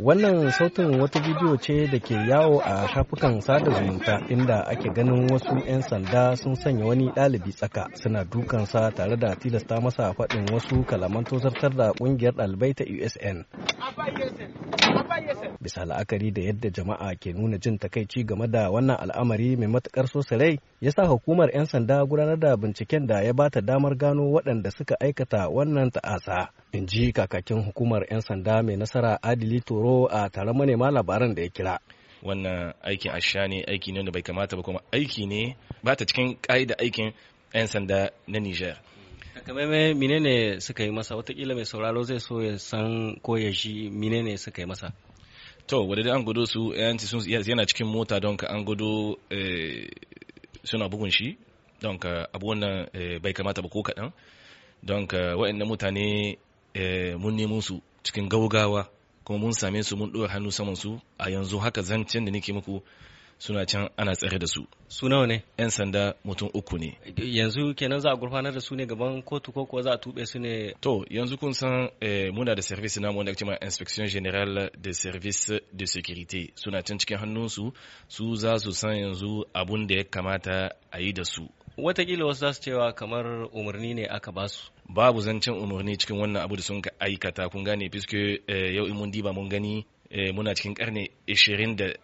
Wannan sautin wata bidiyo ce da ke yawo a shafukan sada zumunta inda ake ganin wasu 'yan sanda sun sanya wani ɗalibi tsaka suna dukansa tare da tilasta masa faɗin wasu kalaman tozartar da ƙungiyar ɗalibai ta USN. Bisa la'akari da yadda jama'a ke nuna jin takaici game da wannan al'amari mai matukar so ya sa hukumar 'yan sanda gudanar da binciken da ya bata damar gano waɗanda suka aikata wannan ta'asa. In ji kakakin hukumar 'yan sanda mai nasara Adili Toro a taron manema labaran da ya kira. Wannan aikin asha ne aiki ne wanda bai kamata ba kuma aiki ne ba ta cikin ƙa'ida aikin 'yan sanda na Nijar. takamaimai menene suka yi masa watakila mai sauraro zai so ya san ko ya shi menene suka yi masa to wadda an gudu su yanci sun yana cikin mota don ka an gudu eh, suna bugun shi don ka abu wannan eh, bai kamata ba ko kaɗan don ka wa'in mutane eh, mun nemo su cikin gaugawa kuma mun same su mun ɗora hannu saman su a yanzu haka zancen da nake muku suna can ana tsare da su su nawa ne yan sanda mutum uku ne yanzu kenan za a gurfanar da su ne gaban kotu ko kuwa za a tube su ne to yanzu kun san eh, muna da service na wanda cewa inspection general de service de Securite suna can cikin hannunsu su za su san yanzu abun da ya kamata a yi da su watakila wasu za su cewa kamar umarni ne aka su. babu zancen umarni cikin wannan abu da sun aikata kun gane fiske eh, yau in mun diba mun gani Eh, muna cikin karni 21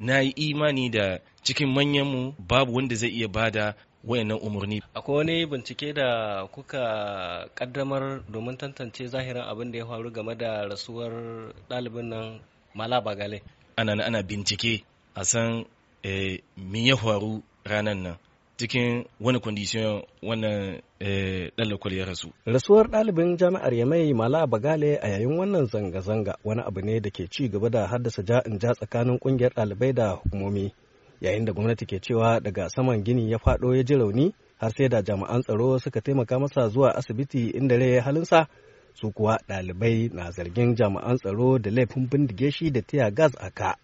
na yi imani da cikin manyanmu babu wanda zai iya bada wayannan umarni. Akwai wani bincike da kuka kaddamar domin tantance zahirin abin da ya faru game da rasuwar ɗalibin nan Mala Bagale. Ana ana bincike a san eh, me ya faru ranar nan. cikin wani kwandishiyon wannan eh, ya rasu. Rasuwar ɗalibin jami'ar Yamai Mala Bagale a yayin wannan zanga-zanga wani abu ne da ke ci gaba da haddasa ja'in ja tsakanin ƙungiyar ɗalibai da hukumomi. Yayin da gwamnati ke cewa daga saman gini ya faɗo ya ji rauni har sai da jami'an tsaro suka taimaka masa zuwa asibiti inda rai halinsa su kuwa ɗalibai na zargin jami'an tsaro da laifin bindige shi da tiya gas a ka.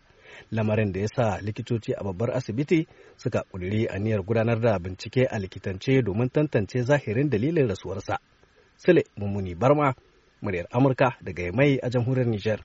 lamarin da ya sa likitoci a babbar asibiti suka a aniyar gudanar da bincike a likitance domin tantance zahirin dalilin rasuwarsa. Sule Mummuni Barma, muryar Amurka daga Yamai a jamhuriyar Nijar.